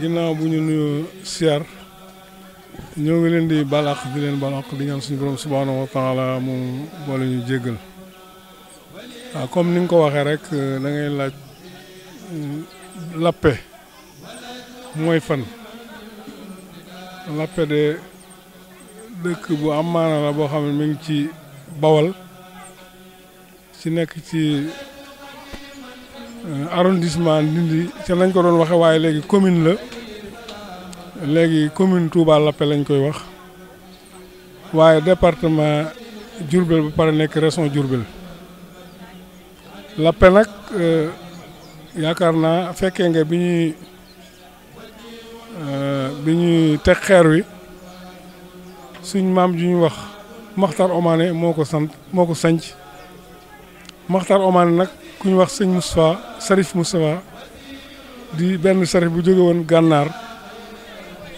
ginnaaw bu ñu nuyu siyaar ñoo ngi leen di balaax di leen balaax di ñaan suñu borom subhaanahu wa taala mu boole ñu jéggal waaw comme ni ko waxee rek euh, da ngay laaj euh, lappe mooy fan lappe de dëkk bu am la boo xam ne mi ngi ci bawal ci nekk ci Euh, arrondissement Ndindi ca nañ ko doon waxe waaye léegi commune la léegi commune Touba lappe lañ koy wax waaye département Diourbel ba pare nekk région Diourbel Lappé nag euh, yaakaar naa fekkee nga bi ñuy euh, bi ñuy teg xeer wi suñ maam ju ñu wax Maxtar Omane moo ko sant moo ko sanc Maxtar Omane nag ku ñu wax sëñ Moustapha Sarif Moustapha di benn sarif bu jóge woon gànnaar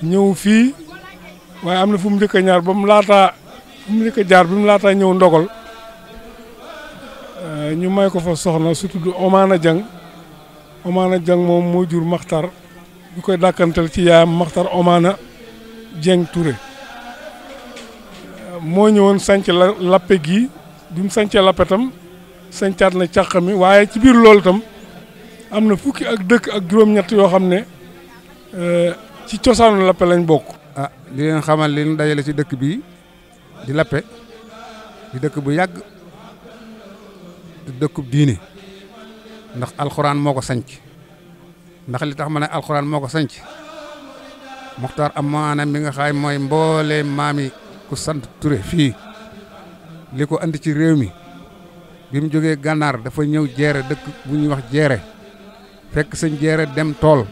ñëw fii waaye am na fu mu njëkk ñaar ba mu laataa fu mu njëkk jaar bi mu laataa ñëw ndogal euh, ñu may ko fa soxna su tudd Omaana Jang Omaana Jang moom moo jur Maxtar ñu koy dàkkantal ci yaayam Maxtar Omaana Jeng Touré moo ñëwoon sanc la lappe gi bi mu sancee lappetam sencaat na caq mi waaye ci biir loolu tam am na fukki ak dëkk ak juróom-ñett yoo xam ne euh, ci cosaan lappe lañ bokk. ah li leen xamal li dajale ci dëkk bi di lappe di dëkk bu yàgg di dëkkub diine ndax alxuraan moo ko sanc ndax li tax ma ne alxuraan moo ko sanc Moxtaar am maanaam mi nga xaay mooy mboole maam yi ku sant Ture fii li ko andi ci réew mi bi mu jógee gànnaar dafa ñëw jeere dëkk bu ñuy wax jeere fekk sëñ jeere dem tool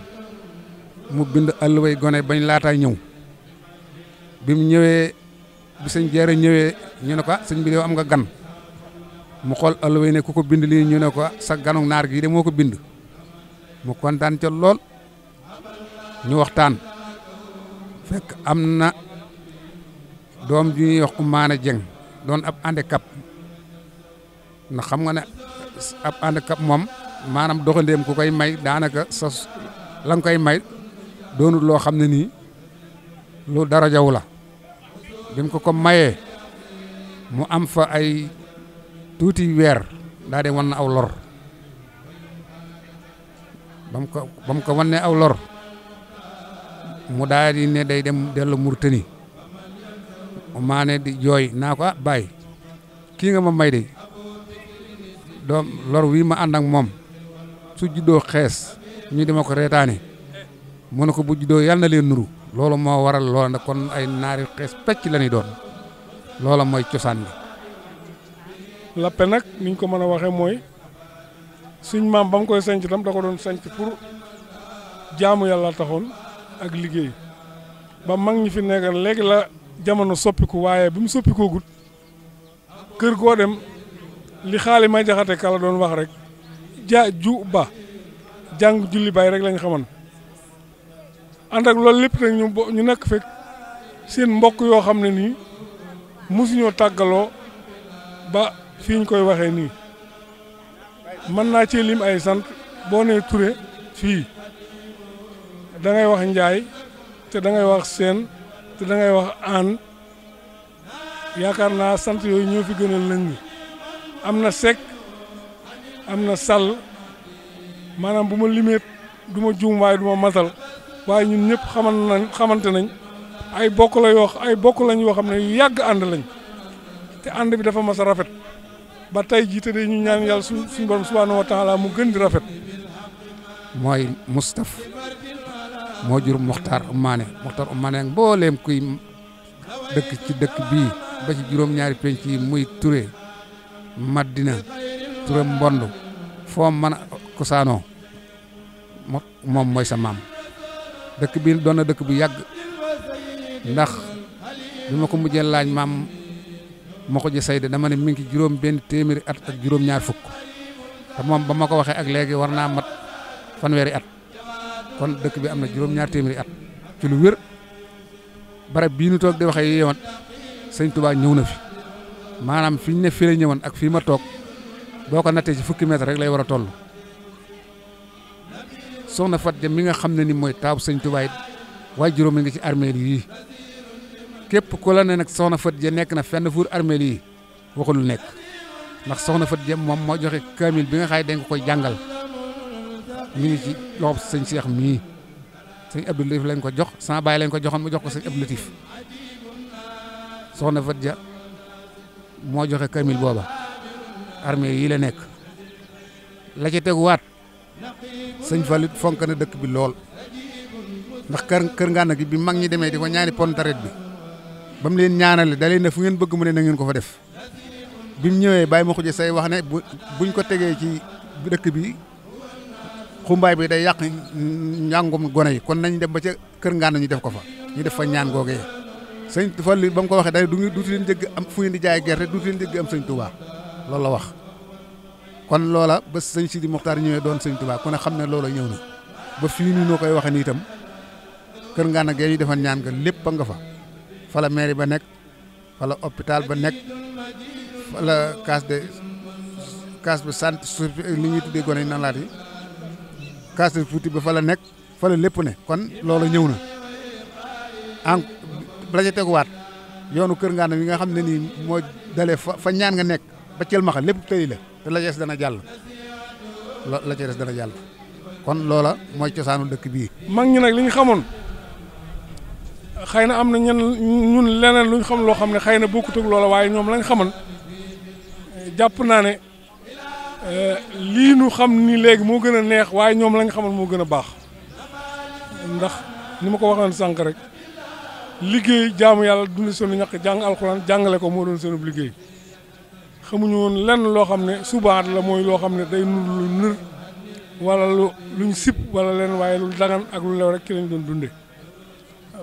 mu bind alluway gone bañ laataay ñëw bi mu ñëwee bi sëñ jeere ñëwee ñu ne ko ah, sëñ bi de am nga gan mu xol alluway ne ku ko bind lii ñu ne ko ah, sa ganu naar gi de moo ko bind mu kontaan ca lool ñu waxtaan fekk am na doom ju ñuy wax Umaane Jeng doon ab handicap ndax xam nga ne ab handicap moom maanaam doxandéem ko koy may daanaka sa la nga koy may doonu loo xam ne nii lu dara jaw la bi mu ko ko mayee mu am fa ay tuuti weer daa de wan na aw lor ba ko ba ko wan ne aw lor mu daa di ne day dem dellu Murtani maa ne di jooy naa ko ah baay kii nga ma may de doom lor wii ma ànd ak moom su juddoo xees ñu dima ko reetaane mu ne ko bu juddoo yàlla na leen nuru loolu moo waral loola nag kon ay naari xees pecc la ñuy doon loola mooy cosaan bi lappe nag niñ ko mën a waxee mooy suñ maam ba mu koy sanc tam da ko doon sanc pour jaamu yàlla taxoon ak liggéey ba mag ñi fi nekk léegi la jamono soppiku waaye bi mu soppikoo gut kër goo dem li xaali may jaxate kala doon wax rek ja ju ba jàng julli bay rek lañ xaman ànd ak loolu lépp nag ñu ñu nekk fek seen mbokk yoo xam ne nii mosuñoo tàggaloo ba fii koy waxee nii mën naa ci lim ay sant boo nee Touré fii dangay wax Njaay te da ngay wax Seen te da wax Aan yaakaar naa sant yooyu ñoo fi gën a lëng am na Seck am na sal maanaam bu ma limee du ma juum waaye du ma matal waaye ñun ñëpp xaman nañ xamante nañ ay bokk la yoo ay lañ yoo xam ne yu yàgg ànd lañ te ànd bi dafa mas a rafet ba tey jii te de ñu ñaan yàlla suñ suñu borom subhaanahu wa mu gën di rafet. mooy Moustapha moo jur Mokhtar Mané Mokhtar Mané ak mbooleem kuy dëkk ci dëkk bii ba ci juróom-ñaari penc yi muy Touré. mat dina turam mbond foo mën a kosaanoo moom mooy sa maam dëkk bi doon na dëkk bu yàgg ndax bi ma ko mujjee laaj maam ma ko ji sayde dama ne mi ngi juróom benn téeméeri at ak juróom ñaar fukk te moom ba ma ko waxee ak léegi war naa mat fanweeri at kon dëkk bi am na juróom ñaar téeméeri at ci lu wér barab bii nu di waxee yeewoon sëñ Tuubaa ñëw na fi maanaam fi ñu ne fii la ñëwoon ak fii ma toog boo ko nattee ci fukki mètre rek lay war a toll soxna Fat Dia mi nga xam ne ni mooy taabu sëñ Tuubaa waaye juróom juróomi nga ci armeel yii képp ku la ne nag soxna Fat ja nekk na fenn fuur armeel yii waxul lu nekk ndax soxna Fat Dia moom moo joxe kaamil bi nga xaay dañ ko koy jàngal mi ngi ci loxob sëñ Cheikh mii sëñ Abdou Latif lañ ko jox sama baay lañ ko joxoon mu jox ko sëñ Abdou Latif soxna Fat ja moo joxe kamil booba armée yi la nekk la ci teguwaat sëñ Fallu fonk na dëkk bi lool ndax kër kër na gi bi mag ñi demee di ko ñaani pontaret bi ba mu leen ñaanale dalee na fu ngeen bëgg mu ne na ngeen ko fa def bi mu ñëwee bàyyi ma xuje say wax ne bu buñ ko tegee ci dëkk bi xumbaay bi day yàq njàngum gone yi kon nañ dem ba ca kër na ñu def ko fa ñu def fa ñaan googee sëñ lii ba mu ko waxee day du ngi duuti leen jëgg am fu ñu di jaay gerte duuti leen jëgg am sëñ Touba loolu la wax kon loola ba sëñ Sidi Mokhtar ñëwee doon sëñ Touba ku ne xam ne loola ñëw na ba fii nii noo koy waxee nii itam kër ngaa nag ñu defoon ñaan nga lépp a nga fa fala mairie ba nekk fala hôpital ba nekk fala case de case de santé sur li ñuy tuddee gone yi nan laati case de fouti ba fala nekk fala lépp ne kon loola ñëw na la ca teguwaat yoonu Kër ngaa Ngaana yi nga xam ne nii moo dalee fa fa ñaan nga nekk ba cël maxa lépp tëli la te la ca dana jàll la ca des dana jàll kon loola mooy cosaanu dëkk bii. mag ñi nag li ñu xamoon xëy na am na ñen ñun leneen lu ñu xam loo xam ne xëy na bokkut ak loola waaye ñoom lañ xaman jàpp naa ne eh, lii nu xam ni léegi moo gën a neex waaye ñoom lañ xaman moo gën a baax ndax ni ma ko waxoon sànq rek. liggéey jaamu yàlla dund sunu ñàkk jàng alxuraan jàngale ko moo doon sunu liggéey xamuñu woon lenn loo xam ne subaat la mooy loo xam ne day nur lu nër wala lu luñ sipp wala leen waaye lu dagan ak lu lew rek ki lañ doon dunde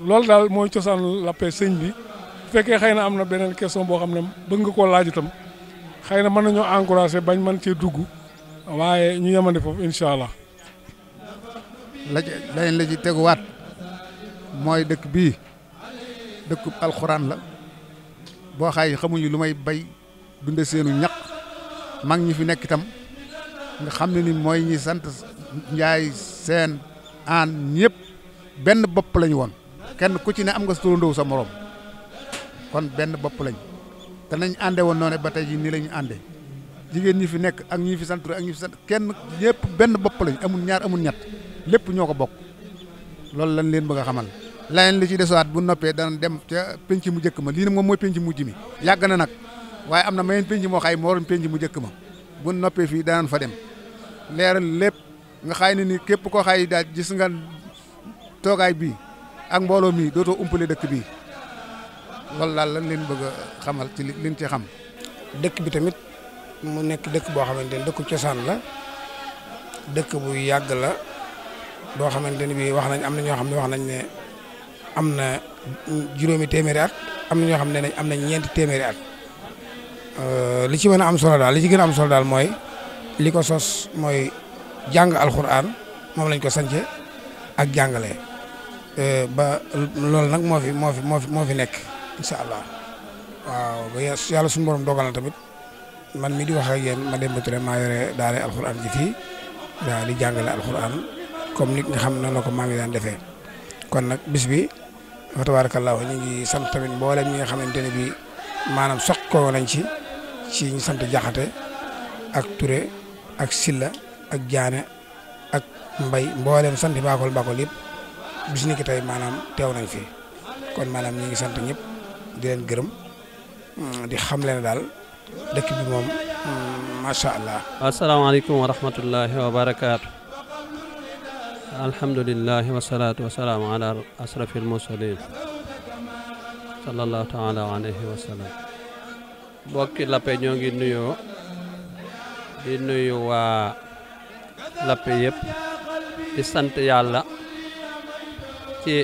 loolu daal mooy cosaan lappe sëñ bi fekkee xëy na am na beneen question boo xam ne bëgg nga koo laaj itam xëy na mën nañoo encouragé bañ mën cee dugg waaye ñu yemandi foofu incha allah. la leneen la ci teguwaat mooy dëkk bii. dëkku alxuraan la boo xaay xamuñu lu may bay dunde seenu ñaq mag ñi fi nekk itam nga xam ne ni mooy ñi sant njaay seen aan ñëpp benn bopp lañu woon kenn ku ci ne am nga turandoo sa moroom kon benn bopp lañ te nañ ànde woon noone ba tey ji nii la ñu ànde jigéen ñi fi nekk ak ñi fi sant ak ñi fi kenn ñëpp benn bopp lañ amul ñaar amul ñett lépp ñoo ko bokk loolu lañ leen bëgg a xamal leneen li ci desuwaat bu noppee dana dem ca penc mu njëkk ma lii nag moom mooy penc mu mujj mi yàgg na nag waaye am na mayen penc moo xay moo waroon mu njëkk ma bu noppee fii danañ fa dem leeral lépp nga xay ne nii képp koo xay daal gis nga toogaay bii ak mbooloo mii dootoo umpale dëkk bii loolu daal lan leen bëgg a xamal ci liñ ci xam dëkk bi tamit mu nekk dëkk boo xamante ne dëkku cosaan la dëkk bu yàgg la boo xamante ni bii wax nañ am na ñoo xam ne wax nañ ne am na juróomi téeméeri at am na ñoo xam ne nañ am na ñeenti téeméeri at euh, li ci mën a am solo daal li ci gën a am solo daal mooy li ko sos mooy jàng alxuraan moom lañ ko sance ak jàngale euh, ba loolu nag moo fi moo fi moo moo fi nekk incha allah waaw ba yàlla suñu borom dogal na tamit man mii di wax ak yéen ma dem ba ture maa yore daale alxuraan ji fii daal di jàngale alxuraan comme nit nga xam na la ko maam yi daan defee kon nag bis wa tabaarakallaahu ñu ngi sant tamit mboolem ñi nga xamante ne bii maanaam soqoo nañ ci ci ñu sant jaxate ak Touré ak Silla ak Jaane ak Mbay mboolem sant baakol baakol yëpp bis ni ki tey maanaam teew nañ fi kon maanam ñu ngi sant ñëpp di leen gërëm mm, di xam leen daal dëkk bi moom mm, macha allah. asalaamaaleykum wa rahmatullahi wa alhamdulilah wasalaatu wasalaamu ala asrafi almursalin sallallahu taala alayhi wa sallam mbokki lappe ñoo ngi nuyoo di nuyu waa lappe yëpp di sant yàlla ci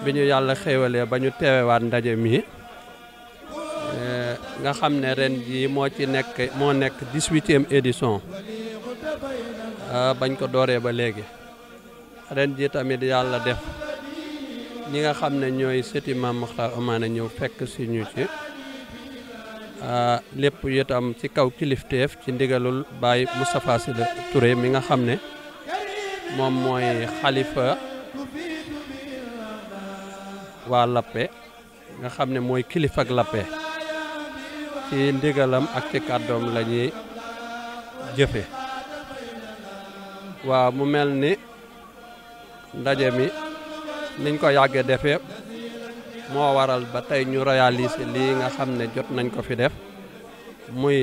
bi ñu yàlla xéewalee ba ñu teewewaat ndaje mi eh, nga xam ne ren jii moo ci nekk moo nekk dix-huitième Ah, bañ ko dooree ba léegi ren ji tamit yàlla def ñi nga xam ne ñooy sëti Maam Maxtaar Omaane ñëw fekk si ñu ci ah, lépp itam ci kaw kilifteef ci ndigalul Baye Moustapha Sy Touré mi nga xam ne moom mooy xalifa waa Lappé nga xam ne mooy kilifa ak Lappé ci ndigalam ak ci kàddoom la ñuy jëfe waaw mu mel ni ndaje mi niñ ko yàggee defe moo waral ba tey ñu réalisé lii nga xam ne jot nañ ko fi def muy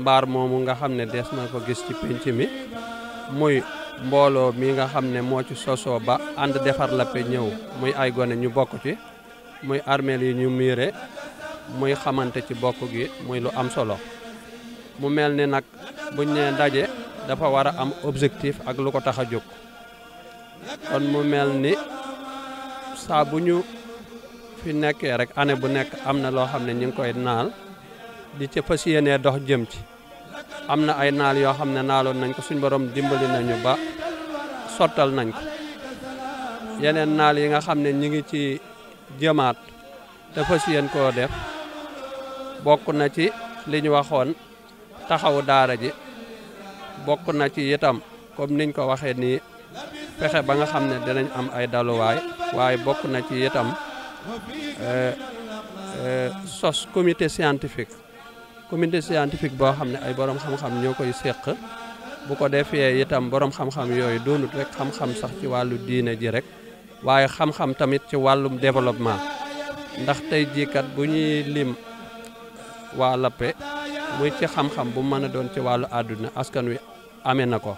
mbaar moomu nga xam ne des na ko gis ci pénc mi muy mbooloo mi nga xam ne moo ci sosoo ba ànd defar la ñëw muy ay gone ñu bokk ci muy armeel yi ñu miire muy xamante ci bokk gi muy lu am solo mu mel ni nag buñ nee ndaje dafa war a am objectif ak lu ko tax a jóg kon mu mel ni saa bu ñu fi nekkee rek année bu nekk am na loo xam ne ñu ngi koy naal di ca fas dox jëm ci am na ay naal yoo xam ne naaloon nañ ko suñu borom dimbali nañu ba sottal nañ ko yeneen naal yi nga xam ne ñu ngi ci jëmaat te fas koo def bokk na ci li ñu waxoon taxawu daara ji bokk na ci itam comme niñ ko waxee nii fexe ba nga xam ne dinañ am ay daluwaay waaye bokk na ci itam eh, eh, sos comité scientifique comité scientifique boo xam ne ay borom xam-xam ñoo koy séq bu ko defee itam borom xam-xam yooyu doonut rek xam-xam sax ci wàllu diine ji rek waaye xam-xam tamit ci wàllum développement ndax tey jii bu ñuy lim waa Lappé muy ci xam-xam bu mën a doon ci wàllu àdduna askan wi amee na ko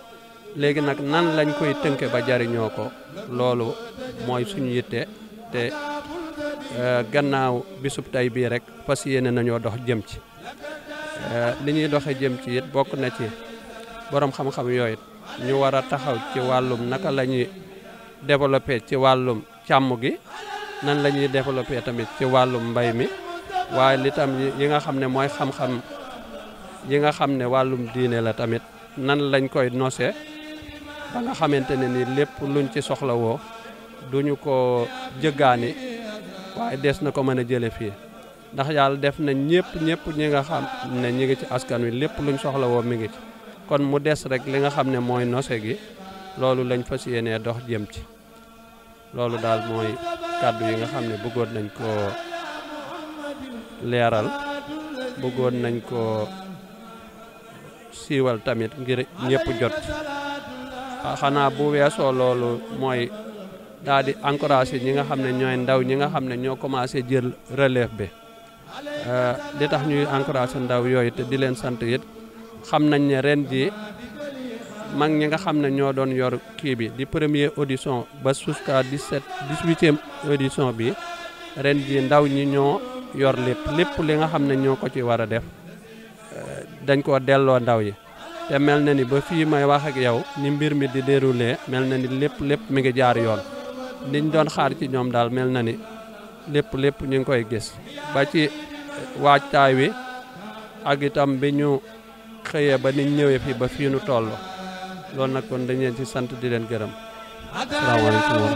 léegi nag nan lañ koy tënke ba jariñoo ko loolu mooy suñ yitte te e, gannaaw bisub tey bii rek fas yéene nañoo dox jëm ci e, li ñuy doxe jëm ci yit bokk na ci boroom xam-xam yooyu ñu war a taxaw ci wàllum naka la ñuy développé ci wàllum càmm gi nan la ñuy développé tamit ci wàllum mbay mi waaye li tam yi nga xam ne mooy xam-xam yi nga xam ne wàllum diine la tamit nan lañ koy nose ba nga xamante ne ni lépp luñ ci soxla woo ñu ko jëggaani waaye des na ko mën a jële fii ndax yàlla def na ñëpp ñëpp ñi nga xam ne ñi ngi ci askan wi lépp luñ soxla woo mi ngi ci kon mu des rek li nga xam ne mooy nose gi loolu lañ fas yéenee dox jëm ci loolu daal mooy kàddu yi nga xam ne bëggoon nañ ko leeral bëggoon nañ ko siiwal tamit ngir ñëpp jot ah, xanaa bu weesoo loolu mooy daal di encouragé ñi nga xam ne ñooy ndaw ñi nga xam ne ñoo commencé jël relève bi eh, di tax ñuy encouragé ndaw yooyu te di leen sant it xam nañ ne ren ji mag ñi nga xam ne ñoo doon yor kii bi di premier audition ba jusqu'à 17 18 audition bi ren ji ndaw ñi ñoo yor lépp lépp li nga xam ne ñoo ko ci war a def dañ koo delloo ndaw yi te mel na ni ba fii may wax yow ni mbir mi di déroulé mel na ni lépp lépp mi ngi jaar yoon liñ doon xaar ci ñoom daal mel na ni lépp lépp ñu ngi koy gis ba ci eh, waajtaay wi ak itam bi ñu xëyee ba niñ ñëwee fii ba fii nu toll loolu nag kon dañ ci sant di leen gërëm salaamaaleykum wa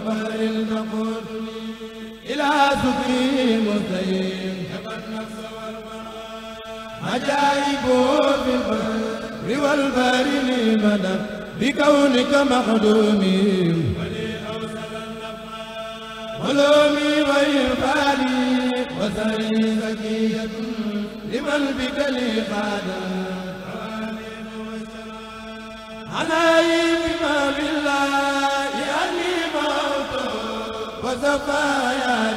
rahmatulah عجائب في البر والبر لمدى بكونك مخدومي ولومي وإنفالي وسري زكية لمن بك لي خادم علي بما بالله أني موت وسفايا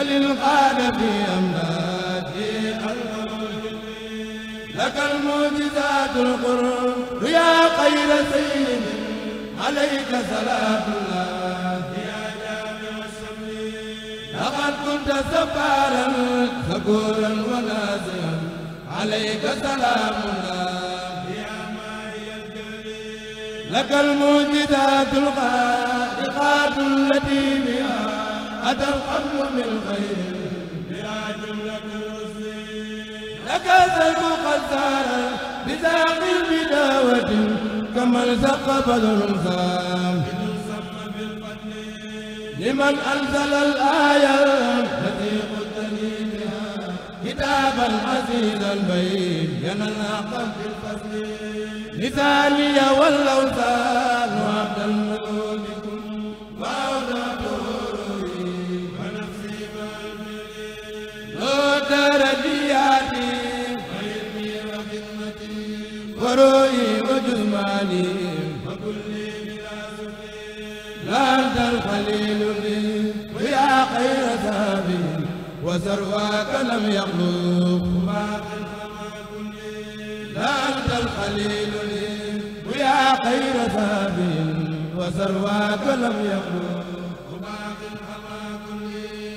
وللقادة أمدادي الخلود لك المعجزات القرب يا خير سيد عليك صلاة الله يا جامع السمي لقد كنت سفارا ثبورا ونازلا عليك سلام الله يا ماهي الجليل لك المعجزات الخارقات التي بها أتى الحمد من خير بلا جملة الرسل لك ذنب قدارا بذاق بداوة كما التقى بدر زام لمن أنزل الآية التي قدني بها كتابا عزيزا بين يناقض بالفصل لساني والأوثان وعبد الملك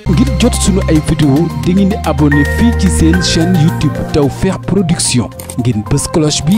ngir jot sunu ay vidéo di ngeen di fii ci seen chaîne YouTube Tawfekh Production ngeen bës cloche bi